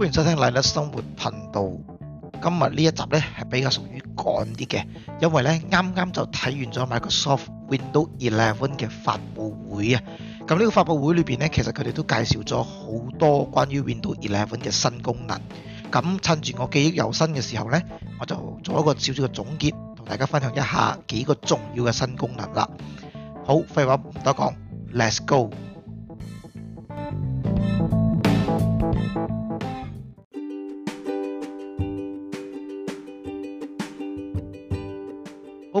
歡迎收聽《賴立生活》頻道。今日呢一集呢，係比較屬於趕啲嘅，因為呢啱啱就睇完咗 Microsoft Window 11嘅發布會啊。咁、這、呢個發布會裏邊呢，其實佢哋都介紹咗好多關於 Window 11嘅新功能。咁趁住我記憶猶新嘅時候呢，我就做一個少少嘅總結，同大家分享一下幾個重要嘅新功能啦。好，廢話唔多講，Let's go！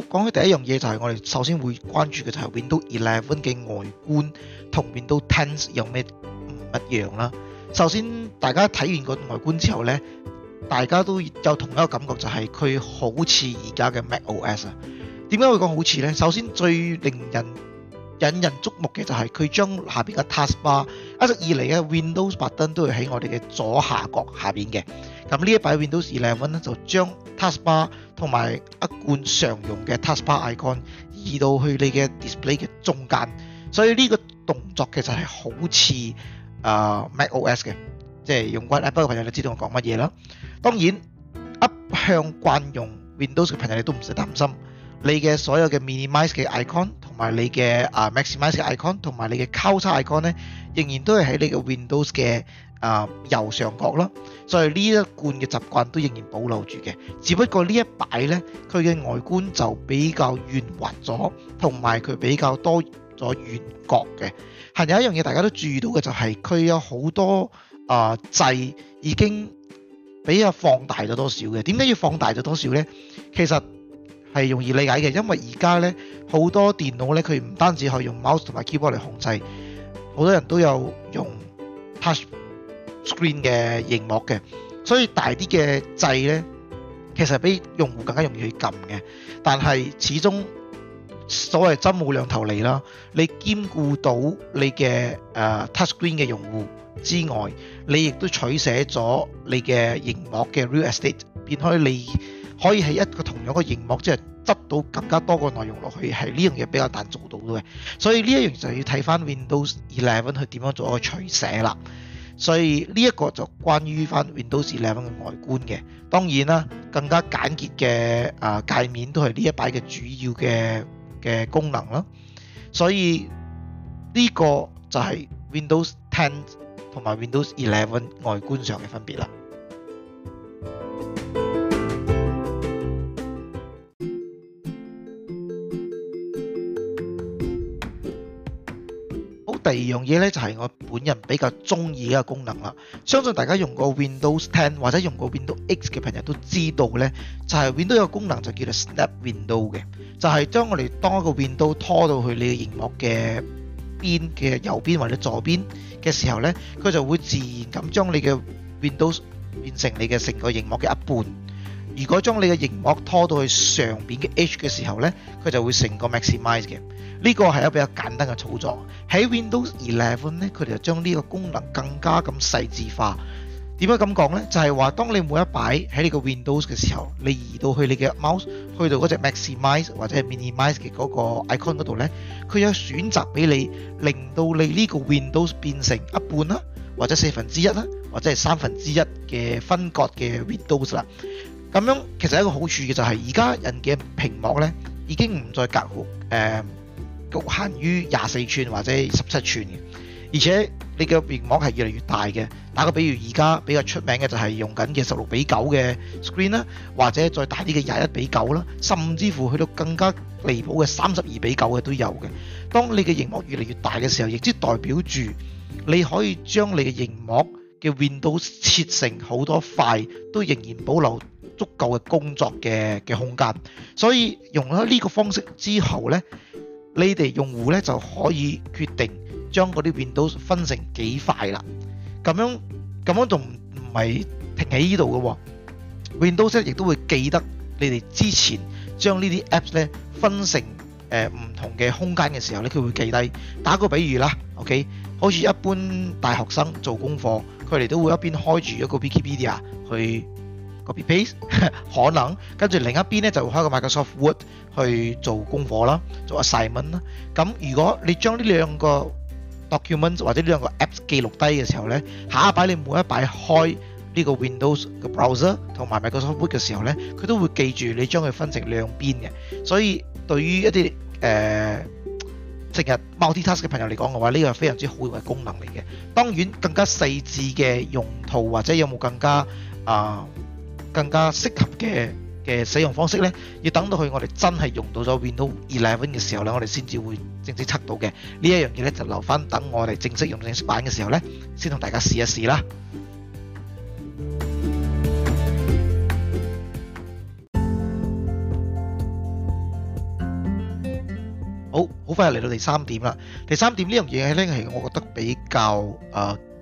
講起第一樣嘢就係我哋首先會關注嘅就係 Windows 11嘅外觀同 Windows 10有咩唔一樣啦。首先大家睇完個外觀之後呢，大家都有同一個感覺就係佢好似而家嘅 MacOS 啊。點解會講好似呢？首先最令人引人矚目嘅就係佢將下邊嘅 Taskbar 一直以嚟嘅 Windows 白燈都會喺我哋嘅左下角下邊嘅。咁呢一擺 Windows 11咧，就將 Taskbar 同埋一貫常用嘅 Taskbar icon 移到去你嘅 display 嘅中間，所以呢個動作其實係好似啊、呃、MacOS 嘅，即係用慣 Apple 嘅朋友都知道我講乜嘢啦。當然，一向慣用 Windows 嘅朋友你都唔使擔心，你嘅所有嘅 minimize 嘅 icon 同埋你嘅啊、呃、maximize 嘅 icon 同埋你嘅交叉 icon 咧，仍然都係喺你嘅 Windows 嘅。啊右、呃、上角啦，所以呢一罐嘅習慣都仍然保留住嘅，只不過呢一擺呢，佢嘅外觀就比較圓滑咗，同埋佢比較多咗圓角嘅。係有一樣嘢大家都注意到嘅就係、是、佢有好多啊、呃、掣已經比較放大咗多少嘅。點解要放大咗多少呢？其實係容易理解嘅，因為而家呢，好多電腦呢，佢唔單止可以用 mouse 同埋 keyboard 嚟控制，好多人都有用 touch。screen 嘅熒幕嘅，所以大啲嘅掣咧，其實比用戶更加容易去撳嘅。但係始終所謂針冇兩頭利啦，你兼顧到你嘅誒、呃、touch screen 嘅用戶之外，你亦都取捨咗你嘅熒幕嘅 real estate，變開你可以喺一個同樣嘅熒幕，即係執到更加多個內容落去，係呢樣嘢比較難做到嘅。所以呢一樣就要睇翻 Windows Eleven 佢點樣做一個取捨啦。所以呢一個就關於翻 Windows Eleven 嘅外觀嘅，當然啦，更加簡潔嘅啊界面都係呢一擺嘅主要嘅嘅功能啦。所以呢個就係 Windows Ten 同埋 Windows Eleven 外觀上嘅分別啦。第二樣嘢咧就係我本人比較中意嘅一個功能啦，相信大家用過 Windows 10或者用過 Windows X 嘅朋友都知道咧，就係 Windows 有一個功能就叫做 Snap Window 嘅，就係將我哋當一個 Window 拖到去你嘅螢幕嘅邊嘅右邊或者左邊嘅時候咧，佢就會自然咁將你嘅 Window 變成你嘅成個螢幕嘅一半。如果將你嘅螢幕拖到去上邊嘅 Edge 嘅時候咧，佢就會成個 Maximize 嘅。呢個係一個比較簡單嘅操作，喺 Windows 11咧，佢哋就將呢個功能更加咁細緻化。點解咁講呢？就係話，當你每一擺喺你個 Windows 嘅時候，你移到去你嘅 mouse，去到嗰隻 maximize 或者係 minimize 嘅嗰個 icon 嗰度呢，佢有選擇俾你，令到你呢個 Windows 變成一半啦，或者四分之一啦，或者係三分之一嘅分割嘅 Windows 啦。咁樣其實一個好處嘅就係而家人嘅屏幕呢已經唔再隔好誒。呃局限於廿四寸或者十七寸嘅，而且你嘅熒幕係越嚟越大嘅。打個比喻，而家比較出名嘅就係用緊嘅十六比九嘅 screen 啦，或者再大啲嘅廿一比九啦，甚至乎去到更加離譜嘅三十二比九嘅都有嘅。當你嘅熒幕越嚟越大嘅時候，亦即代表住你可以將你嘅熒幕嘅 window 設成好多塊，都仍然保留足夠嘅工作嘅嘅空間。所以用咗呢個方式之後呢，你哋用戶咧就可以決定將嗰啲 Windows 分成幾塊啦。咁樣咁樣仲唔唔係停喺呢度嘅喎？Windows 亦都會記得你哋之前將呢啲 Apps 咧分成誒、呃、唔同嘅空間嘅時候咧，佢會記低。打個比喻啦，OK，好似一般大學生做功課，佢哋都會一邊開住一個 Notepad 去。個 copy paste 可能跟住另一邊咧就開個 Microsoft Word 去做功課啦，做 assignment 啦。咁如果你將呢兩個 document 或者呢兩個 apps 記錄低嘅時候咧，下一擺你每一擺開呢個 Windows 嘅 browser 同埋 Microsoft Word 嘅時候咧，佢都會記住你將佢分成兩邊嘅。所以對於一啲誒成日 multitask 嘅朋友嚟講嘅話，呢個係非常之好用嘅功能嚟嘅。當然更加細緻嘅用途或者有冇更加啊？更加適合嘅嘅使用方式呢，要等到佢我哋真係用到咗 Windows 11嘅時候呢，我哋先至會正式測到嘅。呢一樣嘢呢，就留返等我哋正式用正式版嘅時候呢，先同大家試一試啦。好，好快就嚟到第三點啦。第三點呢樣嘢呢係我覺得比較誒。呃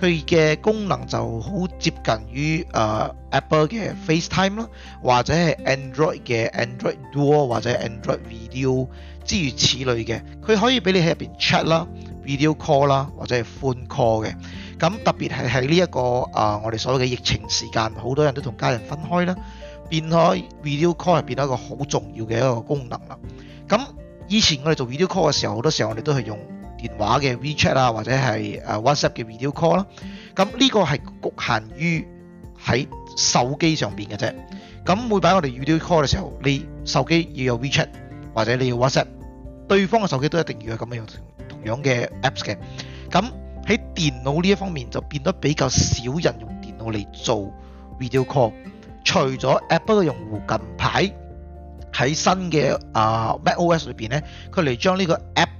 佢嘅功能就好接近於誒、呃、Apple 嘅 FaceTime 啦，或者係 Android 嘅 Android Duo 或者 Android Video 之如此類嘅，佢可以俾你喺入邊 chat 啦、video call 啦或者係 phone call 嘅。咁特別係喺呢一個誒、呃、我哋所謂嘅疫情時間，好多人都同家人分開啦，變開 video call 入邊一個好重要嘅一個功能啦。咁以前我哋做 video call 嘅時候，好多時候我哋都係用。電話嘅 WeChat 啊，或者係誒 WhatsApp 嘅 Video Call 啦，咁呢個係侷限於喺手機上邊嘅啫。咁每擺我哋 Video Call 嘅時候，你手機要有 WeChat 或者你要 WhatsApp，對方嘅手機都一定要有咁樣樣同樣嘅 Apps 嘅。咁喺電腦呢一方面就變得比較少人用電腦嚟做 Video Call。除咗 Apple 嘅用戶近排喺新嘅啊 Mac OS 裏邊咧，佢嚟將呢個 App。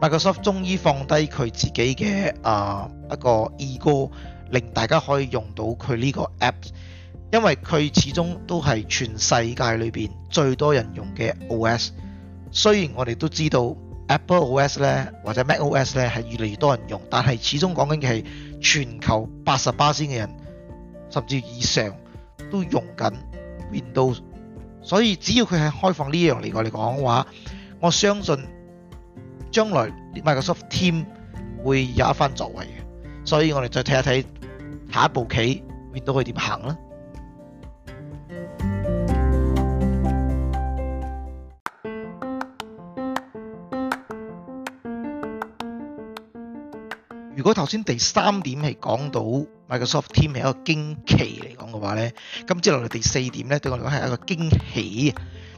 Microsoft 終於放低佢自己嘅啊、呃、一個 ego，令大家可以用到佢呢個 App，因為佢始終都係全世界裏面最多人用嘅 OS。雖然我哋都知道 Apple OS 咧或者 MacOS 咧係越嚟越多人用，但係始終講緊嘅係全球八十巴仙嘅人甚至以上都用緊 Windows。所以只要佢係開放呢樣嚟我哋講嘅話，我相信，將來 Microsoft Team 會有一番作為嘅，所以我哋再睇一睇下一步棋，見到佢點行啦。如果頭先第三點係講到 Microsoft Team 係一個驚奇嚟講嘅話咧，咁接落嚟第四點咧，對我嚟講係一個驚喜。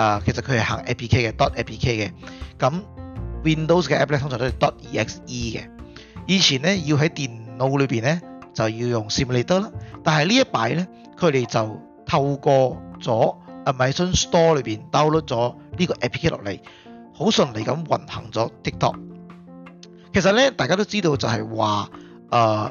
啊，其實佢係行 APK 嘅，dot APK 嘅。咁 Windows 嘅 app 咧，通常都係 dot EXE 嘅。以前咧，要喺電腦裏邊咧，就要用 Simulator 啦。但係呢一擺咧，佢哋就透過咗啊，Amazon Store 裏邊 download 咗呢個 APK 落嚟，好順利咁運行咗 TikTok。其實咧，大家都知道就係話，誒。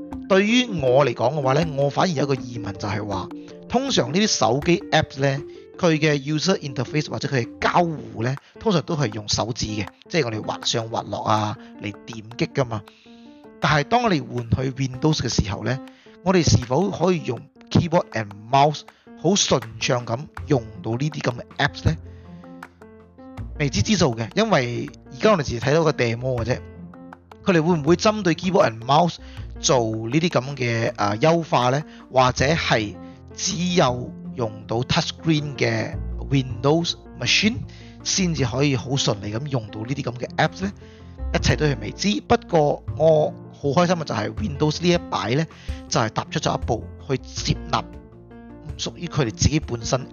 對於我嚟講嘅話咧，我反而有一個疑問，就係話，通常呢啲手機 Apps 咧，佢嘅 user interface 或者佢嘅交互咧，通常都係用手指嘅，即係我哋滑上滑落啊，嚟點擊㗎嘛。但係當我哋換去 Windows 嘅時候咧，我哋是否可以用 keyboard and mouse 好順暢咁用到呢啲咁嘅 Apps 咧？未知之數嘅，因為而家我哋只係睇到個 demo 嘅啫。佢哋會唔會針對 keyboard and mouse 做呢啲咁嘅啊優化咧？或者係只有用到 touchscreen 嘅 Windows machine 先至可以好順利咁用到這呢啲咁嘅 apps 咧？一切都係未知。不過我好開心嘅就係 Windows 呢一擺咧，就係、是、踏出咗一步去接納唔屬於佢哋自己本身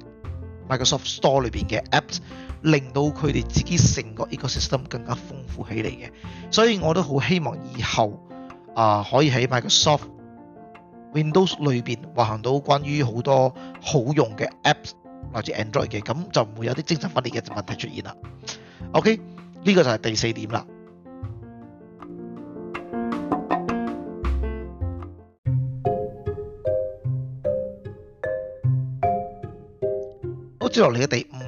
Microsoft Store 裏邊嘅 apps。令到佢哋自己成個 ecosystem 更加豐富起嚟嘅，所以我都好希望以後啊、呃、可以喺 Microsoft Windows 裏邊運行到關於好多好用嘅 Apps 或者 Android 嘅，咁就唔會有啲精神分裂嘅問題出現啦。OK，呢個就係第四點啦。好，接落嚟嘅第五。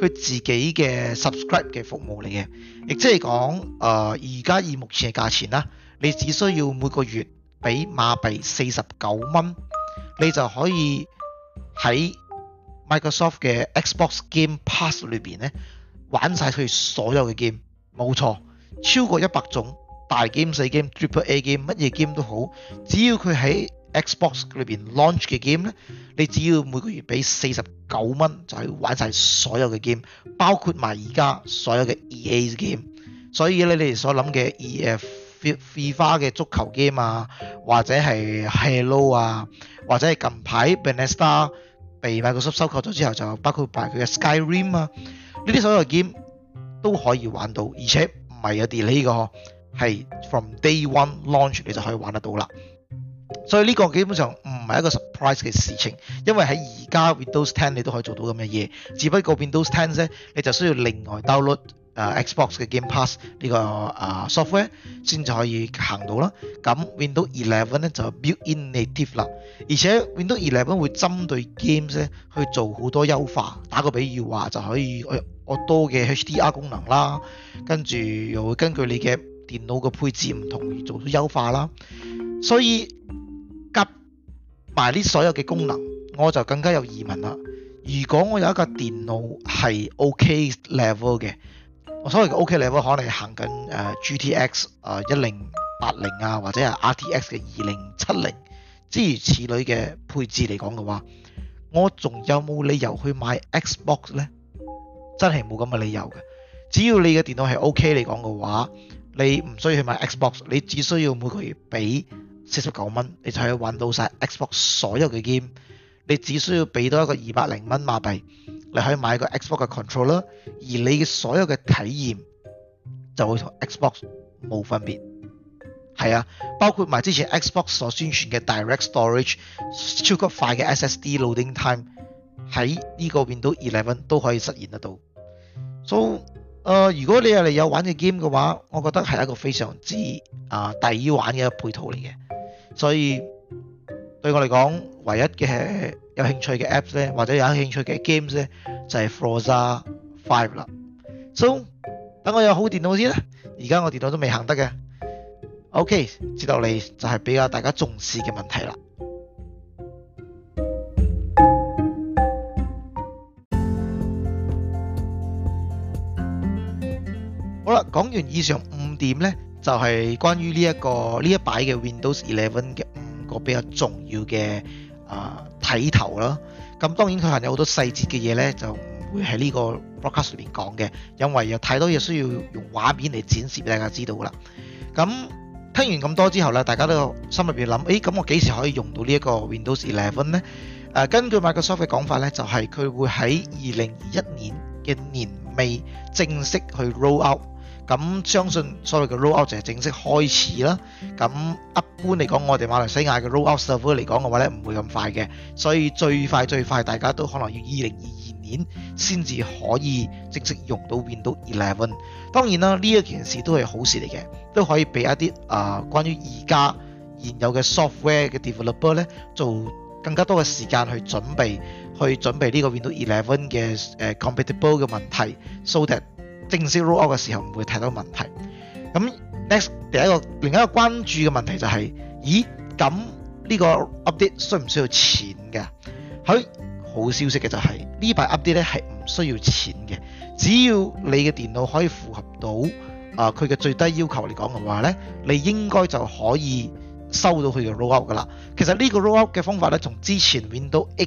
佢自己嘅 subscribe 嘅服務嚟嘅，亦即係講誒，而、呃、家以目前嘅價錢啦，你只需要每個月俾馬幣四十九蚊，你就可以喺 Microsoft 嘅 Xbox Game Pass 裏邊咧玩晒佢所有嘅 game。冇錯，超過一百種大 game 四 game triple A game 乜嘢 game 都好，只要佢喺。Xbox 裏邊 launch 嘅 game 咧，你只要每個月俾四十九蚊，就係玩晒所有嘅 game，包括埋而家所有嘅 EA 嘅 game。所以咧，你哋所諗嘅 EA FIFA 嘅足球 game 啊，或者係 Halo 啊，或者係近排 b e n i s t a r 被 Microsoft 收購咗之後，就包括埋佢嘅 Skyrim 啊，呢啲所有嘅 game 都可以玩到，而且唔係有 delay 嘅，係 from day one launch 你就可以玩得到啦。所以呢個基本上唔係一個 surprise 嘅事情，因為喺而家 Windows 10你都可以做到咁嘅嘢，只不過 Windows 10咧你就需要另外 download 誒、呃、Xbox 嘅 Game Pass 呢、這個誒、呃、software 先就可以行到啦。咁 Windows 11咧就 build in native 啦，而且 Windows 11會針對 games 咧去做好多優化。打個比喻話就可以我多嘅 HDR 功能啦，跟住又會根據你嘅電腦嘅配置唔同而做到優化啦。所以買啲所有嘅功能，我就更加有疑問啦。如果我有一個電腦係 O.K. level 嘅，我所謂嘅 O.K. level 可能係行緊誒 G.T.X. 誒一零八零啊，或者係 R.T.X. 嘅二零七零諸如此類嘅配置嚟講嘅話，我仲有冇理由去買 Xbox 呢？真係冇咁嘅理由嘅。只要你嘅電腦係 O.K. 嚟講嘅話，你唔需要去買 Xbox，你只需要每個月俾七十九蚊，你就可以玩到晒 Xbox 所有嘅 game。你只需要俾多一個二百零蚊馬幣，你可以買個 Xbox 嘅 controller，而你嘅所有嘅體驗就會同 Xbox 冇分別。係啊，包括埋之前 Xbox 所宣傳嘅 Direct Storage 超級快嘅 SSD loading time，喺呢個 Windows 11都可以實現得到。So，誒、呃，如果你係嚟有玩嘅 game 嘅話，我覺得係一個非常之啊抵玩嘅配套嚟嘅。所以對我嚟講，唯一嘅有興趣嘅 Apps 咧，或者有興趣嘅 Games 咧，就係 Forza 5啦。So，等我有好電腦先啦。而家我電腦都未行得嘅。OK，接落嚟就係比較大家重視嘅問題啦。好啦，講完以上五點咧。就係關於呢、這、一個呢一擺嘅 Windows 11嘅五個比較重要嘅啊睇頭啦。咁當然佢係有好多細節嘅嘢咧，就唔會喺呢個 broadcast 裏邊講嘅，因為有太多嘢需要用畫面嚟展示俾大家知道啦。咁聽完咁多之後咧，大家都心入邊諗，誒、哎、咁我幾時可以用到這呢一個 Windows 11咧？誒、呃、根據 Microsoft 嘅講法咧，就係、是、佢會喺二零二一年嘅年尾正式去 roll out。咁相信所謂嘅 roll out 就係正式開始啦。咁一般嚟講，我哋馬來西亞嘅 roll out software 嚟講嘅話咧，唔會咁快嘅。所以最快最快，大家都可能要二零二二年先至可以正式用到 Windows Eleven。當然啦，呢一件事都係好事嚟嘅，都可以俾一啲啊、呃、關於而家現有嘅 software 嘅 developer 咧，做更加多嘅時間去準備，去準備呢個 Windows Eleven 嘅誒、呃、compatible 嘅問題，so that 正式 roll out 嘅時候唔會太多問題。咁 next 第一個另一個關注嘅問題就係、是、咦咁呢個 update 需唔需要錢嘅？好好消息嘅就係呢排 update 咧係唔需要錢嘅，只要你嘅電腦可以符合到啊佢嘅最低要求嚟講嘅話咧，你應該就可以收到佢嘅 roll out 噶啦。其實呢個 roll out 嘅方法咧，從之前 w i n d o w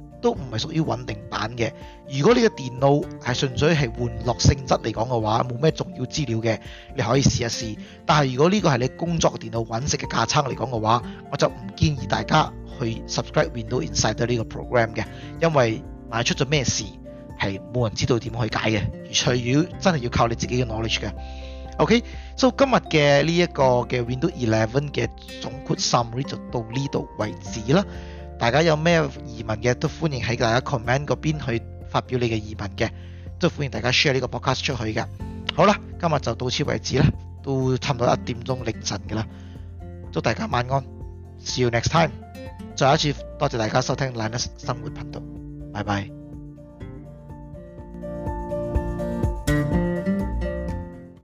都唔係屬於穩定版嘅。如果你嘅電腦係純粹係玩樂性質嚟講嘅話，冇咩重要資料嘅，你可以試一試。但係如果呢個係你工作嘅電腦揾食嘅架撐嚟講嘅話，我就唔建議大家去 subscribe Window Insider 呢個 program 嘅，因為萬出咗咩事係冇人知道點去解嘅，除咗真係要靠你自己嘅 knowledge 嘅。OK，所以今日嘅呢一個嘅 Windows 11嘅總括 summary 就到呢度為止啦。大家有咩疑問嘅，都歡迎喺大家 comment 嗰邊去發表你嘅疑問嘅，都歡迎大家 share 呢個 podcast 出去嘅。好啦，今日就到此為止啦，都差唔多一點鐘凌晨嘅啦。祝大家晚安，See you next time。再一次多謝大家收聽蘭德生活頻道，拜拜。